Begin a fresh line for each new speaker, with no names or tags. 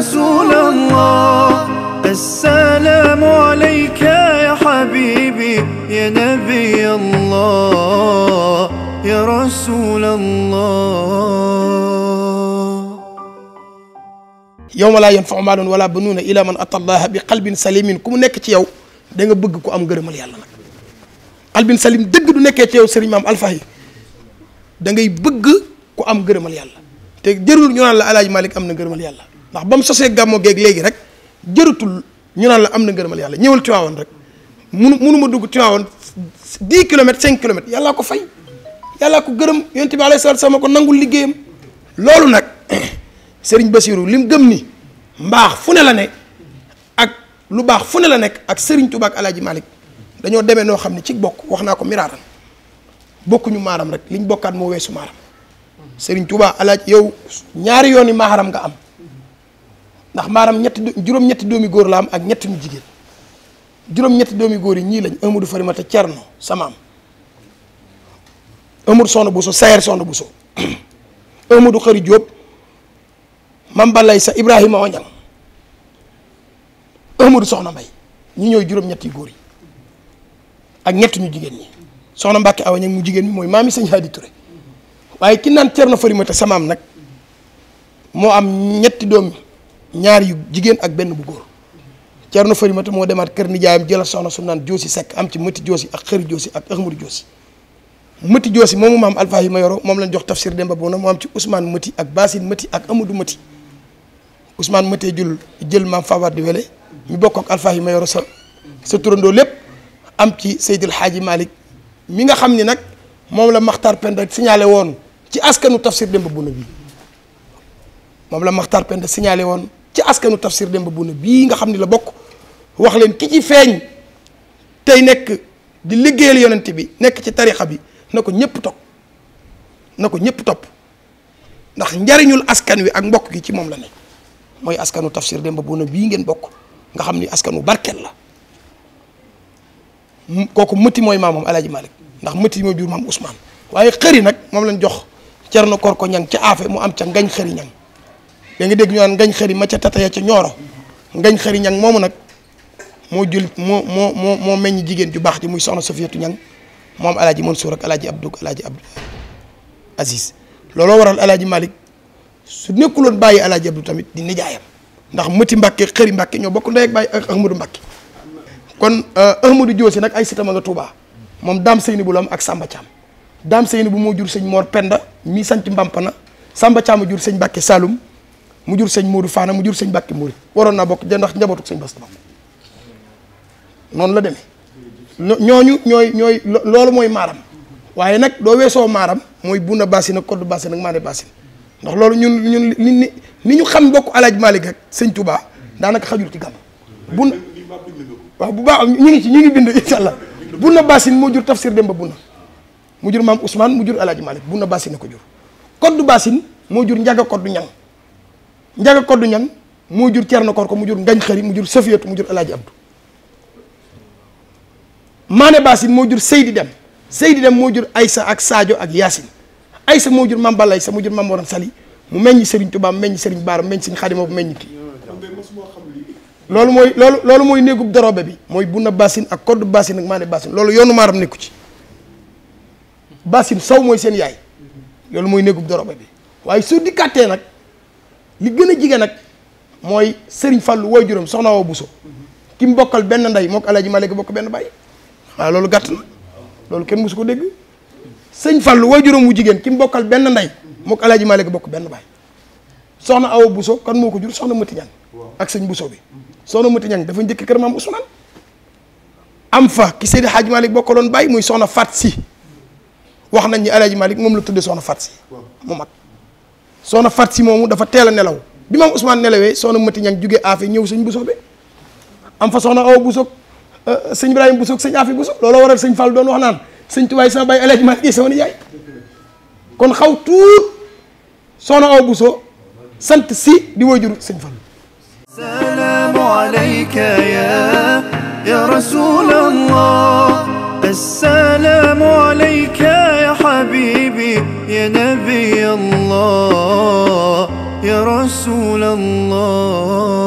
رسول الله السلام عليك يا حبيبي يا نبي الله يا رسول الله يوم لا ينفع مال ولا بنون الا من اتى الله بقلب سليم كم نيك تي ياو داغا بوج كو ام غرمال يالا قلب سليم دغ دو نيك تي ياو سيري مام الفاي داغاي بوج كو ام غرمال يالا تي ديرول نيو نان لا الاج مالك امنا غرمال يالا ndax ba mu sosee gàmmo geeg léegi rek jërutul ñu naan la am na ngërëmal yàlla ñëwal Tiwaawan rek munu munu ma dugg Tiwaawan dix kilomètres cinq kilomètres yàllaa ko fay yàllaa ko gërëm yonent bi alayhi salaatu ko nangul liggéeyam loolu nag sëriñ Basiru li mu gëm ni mbaax fu ne la ne ak lu baax fu ne la nekk ak sëriñ Tuubaa ak Alaaji Malik dañoo demee noo xam ne ci bokk wax naa ko miraaram bokkuñu maaram rek liñ bokkaat moo weesu maaram sëriñ Tuubaa Alaaji yow ñaari yooni maaram nga am ndax maanaam ñetti juróom-ñetti doomi góor la am ak ñetti ñu jigéen juróom-ñetti doomi góor yi ñii lañ Amadou Farimata Cerno samaam Soxna Bousso Sayer Soxna Bousso Amadou Xari Jóob Mam Balay sa Ibrahima Oñang Amadou Soxna Mbay ñi ñooy juróom-ñetti góor yi ak ñetti ñu jigéen ñi Soxna Mbàkke Awa Ñang mu jigéen mooy maam maami Sëñ Haadi rek waaye ki naan Cerno Farimata samaam nag moo am ñetti doom ñaar yu jigéen ak benn bu góor na Thierno Farimata moo demaat kër nijaayam jëla soxna su naan Joosi sekk am ci Mati Joosi ak Xëri Joosi ak Ahmadu Joosi Mati Joosi moomu maam Alpha yi ma moom lañ jox tafsir Demba Bona moo am ci Ousmane Mati ak Basine Mati ak Amadou Mati Mati jël jël maam Fawaat di wele mi bokk ak Alpha yi ma turandoo lépp am ci Seydil Xaaji mi nga xam ni nag moom la Makhtar Penda signalé woon ci askanu tafsir Demba Bona la Makhtar Penda woon. ci askanu tafsir Demba Buna bii nga xam ni la bokk wax leen ki ci feeñ tey nekk di liggéeyal yonent bi nekk ci tarixa bi na ko ñëpp topp na ko ñëpp topp ndax njariñul askan wi ak mbokk gi ci moom la ne mooy askanu tafsir Demba Buna bii ngeen bokk nga xam ni askanu barkeel la kooku mëti mooy maamam El Hadj Malick ndax mëti mooy jur maam Ousmane waaye xëri nag moom lañ jox na Cerno Korko ñan ca aafe mu am ca ngañ xëri ñang yaa nga dégg ñu naan ngañ xëri ma ca tata ngañ xëri ñang moomu nag moo jul moo moo moo moo meññ jigéen ju baax ji muy soxna Safiyatu ñang moom alaaji Mansour ak alaaji Abdou alaaji Abdou Aziz looloo waral alaaji Malick su nekkuloon bàyyi alaaji Abdou tamit di nijaayam ndax mëti Mbàkke xëri Mbàkke ñoo bokk ndey ak bàyyi ak Ahmadou Mbàkke kon euh, Ahmadou Diosi nag ay sitama nga Touba moom daam sëyni bu la am ak Samba Thiam daam sëyni bu moo jur sëñ Mor Penda mii sanc Mbampana Samba Thiam a jur sëñ Mbàkke Saloum mu jur sëñ Modou Fana mu jur sëñ Bakki Mouride waroon naa bokk ndax njabootu sëñ Bass bokk noonu la demee ñooñu ñooy ñooy loolu mooy maaram waaye nag doo weesoo maaram mooy bunna basin ak code basin ak maane basin ndax loolu ñun ñun ni ni ñu xam bokk alaaj Malick ak sëñ Touba daanaka xajul ci gàmm bun waaw bu baax ñu ngi ci ñu ngi bind incha allah bunna basin moo jur tafsir dem ba bunna mu jur maam Ousmane mu jur alaaj Malick bunna basin na ko jur code basin moo jur njaga code ñang njaga koddu ñang moo jur na Cerno ko mu jur ngañ xëri mu jur Safiyatu mu jur Alaaji Abdu Maane Baasin moo jur Seydi Dem Seydi Dem moo jur Aysa ak Sadio ak Yaasin Aysa moo jur Mam Balay sa mu jur Mam Moram Sali mu meññ Serigne Touba meññ Serigne Baara meññ Serigne Xaadima bu meññ kii loolu mooy loolu mooy néegub dorobe bi mooy na Baasin ak Koddu Baasin ak Maane Baasin loolu yoonu maaram nekku ci Baasin Sow mooy seen yaay loolu mooy néegub dorobe bi waaye su dikkaatee nag li gën a jigéen nag mooy sëriñ Serigne Fallou juróom soxna Awa Bousso ki mu bokkal benn ndey mook El Hadj Malick bokk benn baay waaw loolu loolu kenn mosu ko dégg sëñ Fallou waajuram wu jigéen ki mu bokkal benn ndey mook El Hadj Malick bokk benn baay soxna Awa Bousso kan moo ko jur soxna Mati Ñang ak sëñ Bousso bi soxna Mati dafa njëkk kër maam Ousmane am fa ki Seydi Hadj bokkaloon baay muy soxna Fat Si wax nañ ni El Hadj moom la tudde soxna Fat Si mu mag soxna Fatou si moomu dafa teel nelaw bi maam Ousmane nelawé soxna Mati Ñang jóge afi ñew sëñ Bousso be am fa soxna Awa Bousso euh, sëñ Ibrahima Bousso sëñ Afe Bousso lolo waral sëñ Fall doon wax naan sëñ touba sama baay El Hadj Malick sama nijaay kon xaw tuut soxna Awa Bousso sante si di wajuru sëñ Fall salaamu alayka ya ya rasul allah assalamu alayka ya habibi ya nabi allah يا رسول الله